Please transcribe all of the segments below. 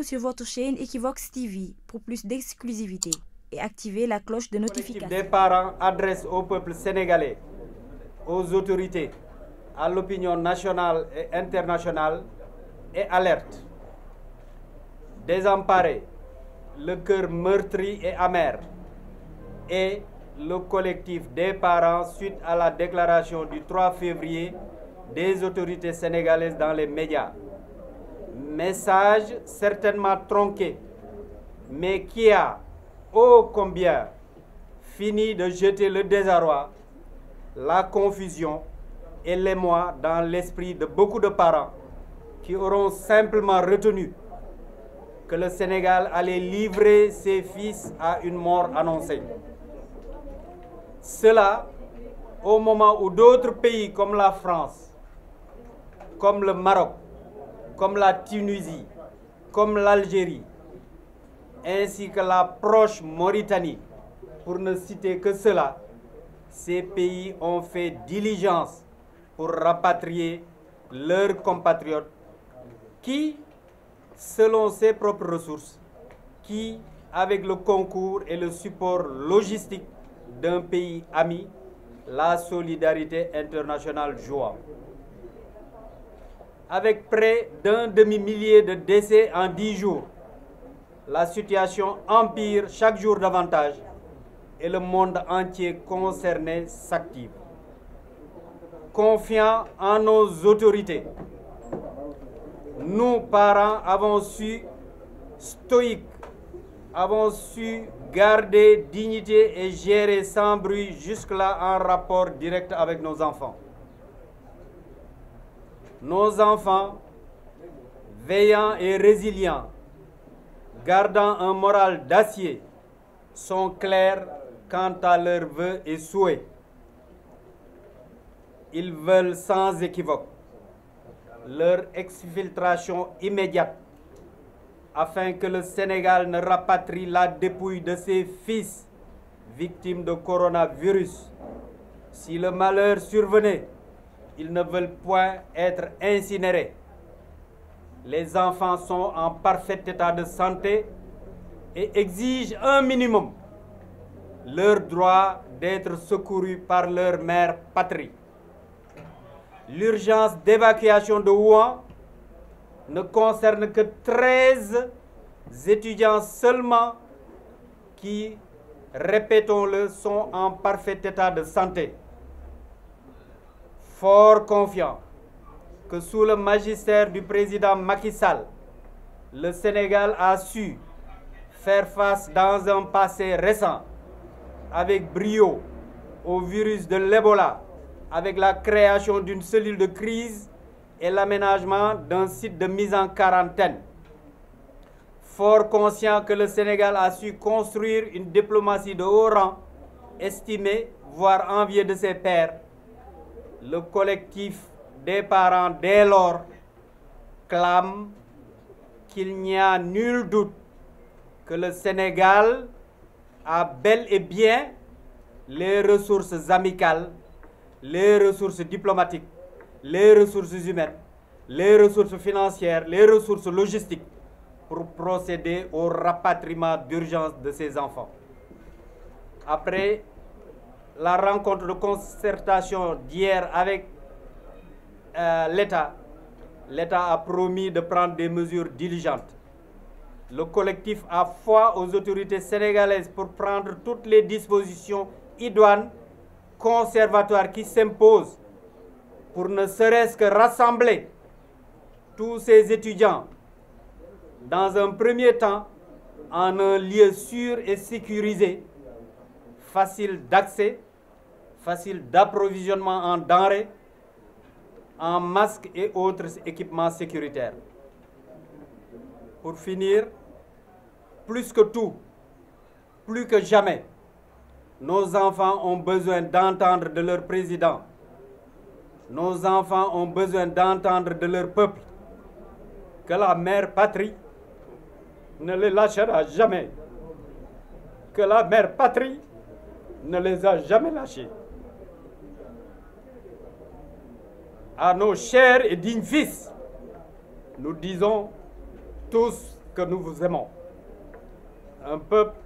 Abonnez-vous sur votre chaîne Equivox TV pour plus d'exclusivité et activez la cloche de notification. Des parents adresse au peuple sénégalais, aux autorités, à l'opinion nationale et internationale et alerte. Désemparés, le cœur meurtri et amer et le collectif des parents suite à la déclaration du 3 février des autorités sénégalaises dans les médias. message certainement tronqué, mais qui a, ô combien, fini de jeter le désarroi, la confusion et l'émoi dans l'esprit de beaucoup de parents qui auront simplement retenu que le Sénégal allait livrer ses fils à une mort annoncée. Cela au moment où d'autres pays comme la France, comme le Maroc, comme la Tunisie, comme l'Algérie, ainsi que la proche Mauritanie, pour ne citer que cela, ces pays ont fait diligence pour rapatrier leurs compatriotes qui, selon ses propres ressources, qui, avec le concours et le support logistique d'un pays ami, la solidarité internationale joue. avec près d'un demi-millier de décès en dix jours. La situation empire chaque jour davantage et le monde entier concerné s'active. Confiant en nos autorités, nous, parents, avons su, stoïques, avons su garder dignité et gérer sans bruit jusque-là en rapport direct avec nos enfants. nos enfants, veillants et résilients, gardant un moral d'acier, sont clairs quant à leurs vœux et souhaits. Ils veulent sans équivoque leur exfiltration immédiate afin que le Sénégal ne rapatrie la dépouille de ses fils victimes de coronavirus. Si le malheur survenait, Ils ne veulent point être incinérés. Les enfants sont en parfait état de santé et exigent un minimum leur droit d'être secourus par leur mère patrie. L'urgence d'évacuation de Wuhan ne concerne que 13 étudiants seulement qui, répétons-le, sont en parfait état de santé. fort confiant que sous le magistère du président Macky Sall, le Sénégal a su faire face dans un passé récent avec brio au virus de l'Ebola, avec la création d'une cellule de crise et l'aménagement d'un site de mise en quarantaine. Fort conscient que le Sénégal a su construire une diplomatie de haut rang, estimée, voire enviée de ses pairs, le collectif des parents dès lors clame qu'il n'y a nul doute que le Sénégal a bel et bien les ressources amicales, les ressources diplomatiques, les ressources humaines, les ressources financières, les ressources logistiques pour procéder au rapatriement d'urgence de ces enfants. Après la rencontre de concertation d'hier avec euh, l'État, l'État a promis de prendre des mesures diligentes. Le collectif a foi aux autorités sénégalaises pour prendre toutes les dispositions idoines, conservatoires qui s'imposent pour ne serait-ce que rassembler tous ces étudiants dans un premier temps en un lieu sûr et sécurisé, facile d'accès facile d'approvisionnement en denrées, en masques et autres équipements sécuritaires. Pour finir, plus que tout, plus que jamais, nos enfants ont besoin d'entendre de leurs président. Nos enfants ont besoin d'entendre de leur peuple que la mère patrie ne les lâchera jamais, que la mère patrie ne les a jamais lâchés. à nos chers et dignes fils, nous disons tous que nous vous aimons. Un peuple,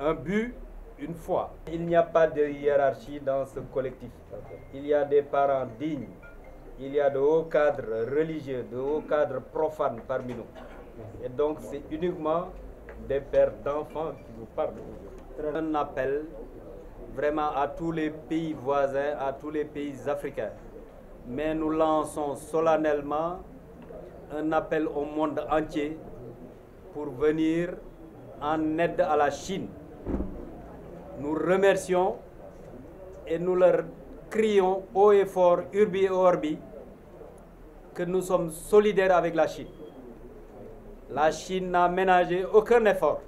un but, une foi. Il n'y a pas de hiérarchie dans ce collectif. Il y a des parents dignes, il y a de hauts cadres religieux, de hauts cadres profanes parmi nous. Et donc c'est uniquement des pères d'enfants qui vous parlent aujourd'hui. Un appel vraiment à tous les pays voisins, à tous les pays africains. mais nous lançons solennellement un appel au monde entier pour venir en aide à la Chine. Nous remercions et nous leur crions haut et urbi et orbi, que nous sommes solidaires avec la Chine. La Chine n'a ménagé aucun effort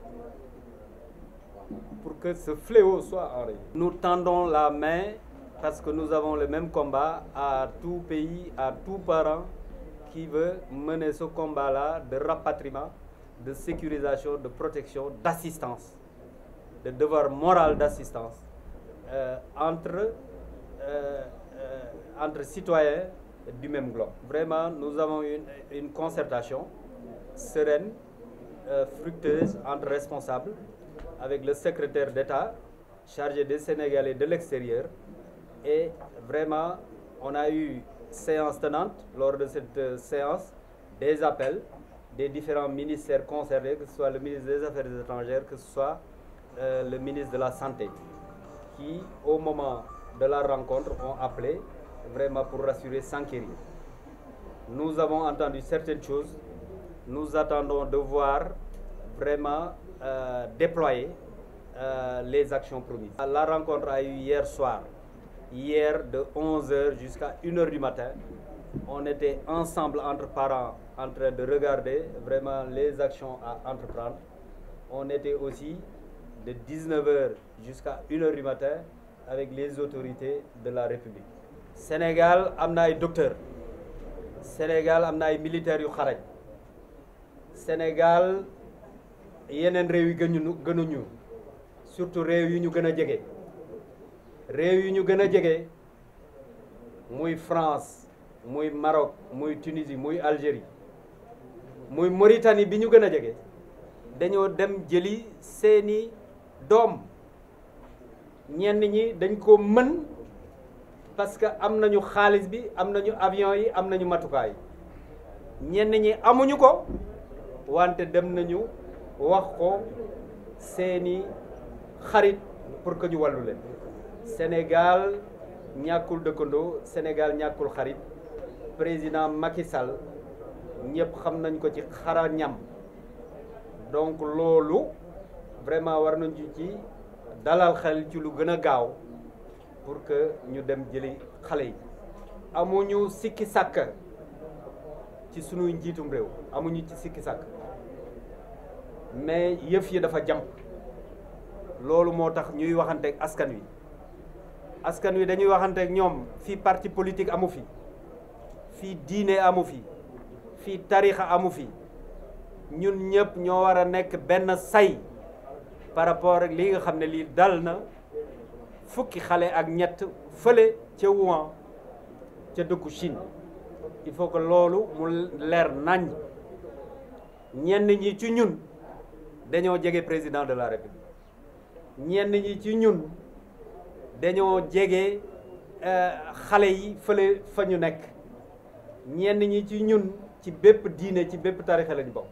pour que ce fléau soit arrêté. Nous tendons la main parce que nous avons le même combat à tout pays, à tout parent qui veut mener ce combat-là de rapatriement, de sécurisation, de protection, d'assistance, de devoir moral d'assistance euh, entre, euh, euh entre citoyens du même globe. Vraiment, nous avons une, une concertation sereine, euh, fructueuse entre responsables, avec le secrétaire d'État chargé des Sénégalais de l'extérieur, Et vraiment, on a eu séance tenante lors de cette euh, séance des appels des différents ministères concernés, que ce soit le ministre des Affaires étrangères, que ce soit euh, le ministre de la Santé, qui, au moment de la rencontre, ont appelé vraiment pour rassurer, s'enquérir. Nous avons entendu certaines choses. Nous attendons de voir vraiment euh, déployer euh, les actions promises. La rencontre a eu hier soir. hier de 11h jusqu'à 1h du matin. On était ensemble entre parents en de regarder vraiment les actions à entreprendre. On était aussi de 19h jusqu'à 1h du matin avec les autorités de la République. Sénégal am na ay docteurs Sénégal am na ay militaires yu xarañ Sénégal yeneen réew yi gënuñu gënuñu surtout réew yi ñu gën a jege. réew yi ñu gën a jege muy France muy Maroc muy Tunisie muy Algérie muy moritanie bi ñu gën a jege dañoo dem jëli seeni doom ñenn ñi dañ ko mën parce que am nañu xaalis bi am nañu avion yi am nañu matukaay ñenn ñi amuñu ko wante dem nañu wax ko seeni xarit pour que ñu wàllu leen Sénégal ñàkkul dëkkandoo Sénégal ñàkkul xarit président Macky Sall ñëpp xam nañ ko ci xarañam donc loolu vraiment war nañ ci dalal xel ci lu gën a gaaw pour que ñu dem jëli xale yi. amuñu sikki sàkk ci sunuy njiitum réew amuñu ci sikki sàkk mais yëf yi dafa jàmp loolu moo tax ñuy waxante ak askan wi. askan wi dañuy waxante ak ñoom fii parti politique amu fi fii diine amu fi fii tarixa amu fi ñun ñëpp ñoo war a nekk benn say par rapport ak lii nga xam ne lii dal na fukki xale ak ñett fële ca Wuhan ca dëkku Chine il faut que loolu mu leer nàññ ñenn ñi ci ñun dañoo jege président de la république ñenn ñi ci ñun dañoo jege euh, xale yi fële fa ñu nekk ñenn ñi ci ñun ci bépp diine ci bépp tarixa lañ bokk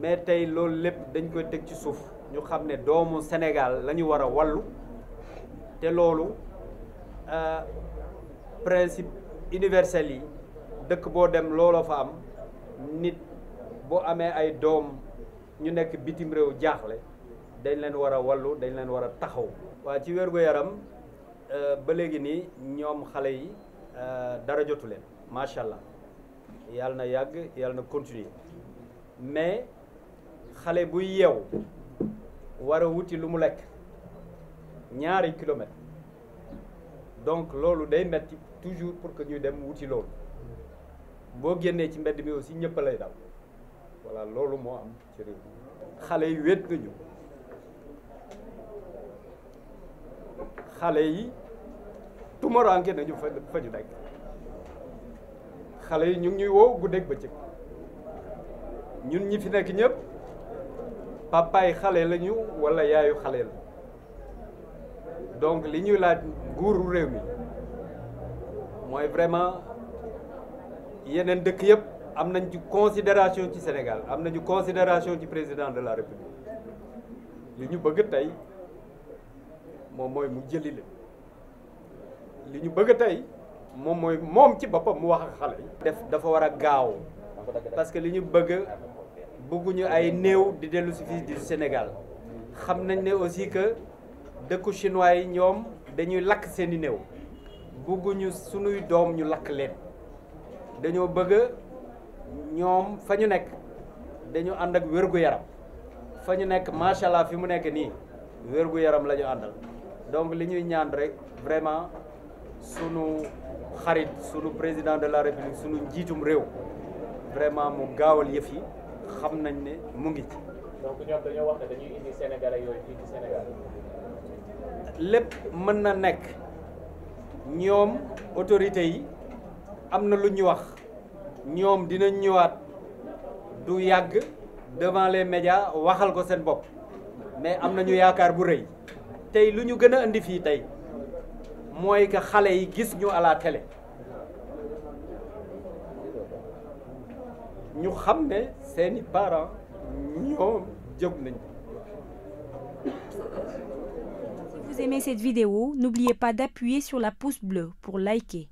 mais tey loolu lépp dañ koy teg ci suuf ñu xam ne doomu senegal la ñu war a wallu te loolu euh, principe universel yi dëkk boo dem looloo fa am nit boo amee ay doom ñu nekk bitim réew jaaxle dañ leen war a wallu dañ leen war a taxaw waa ci wér-gu-yaram Euh, ba léegi nii ñoom xale yi euh, dara jotu leen macha allah yàlla na yàgg yàlla na continuer mais xale buy yeew war a wuti lu mu lekk ñaari kilomètres donc loolu day metti toujours pour que ñuy dem wuti loolu boo génnee ci mbedd mi aussi ñëpp lay daw voilà loolu moo am ci réew xale yi wéet nañu xale yi tumuraanke nañu fa fa ñu nekk xale yi ñu ngi ñuy woo guddeeg bëccëg ñun ñi fi nekk ñëpp papaay xale lañu walla yaayu xale la donc li ñuy laaj nguuru réew mi mooy vraiment yeneen dëkk yëpp am nañ ci considération ci Sénégal am nañu considération ci président de la République li ñu bëgg tey moom mooy mu jëli leen li ñu bëgg tey moom mooy moom ci boppam mu wax ak xale yi. dafa war a gaaw parce que li ñu bëgg bëgguñu ay néew di dellu si fii di Sénégal xam nañ ne aussi que dëkku chinois yi ñoom dañuy lakk seeni néew bëgguñu sunuy doom ñu lakk leen dañoo bëgg ñoom fa ñu nekk dañu ànd ak wér-gu-yaram fa ñu nekk macha allah fi mu nekk nii wér-gu-yaram lañu ñu àndal donc li ñuy ñaan rek vraiment. sunu xarit sunu président de la république sunu njiitum réew vraiment mu gaawal yëf yi xam nañ ne mu ngi ci. donc ñoom wax ne dañuy indi sénégalais yooyu fii ci Sénégal. lépp mën na nekk ñoom autorités yi am na lu ñu wax ñoom dina ñëwaat du yàgg devant les waxal ko seen bopp mais am nañu yaakaar bu rëy tey lu ñu gën a indi fii tey. mooy que xale yi gis ñu à la télé ñu xam ne seeni parents ñoom jóg nañu. Si vous aimez cette vidéo, n'oubliez pas d'appuyer sur la pouce bleue pour liker.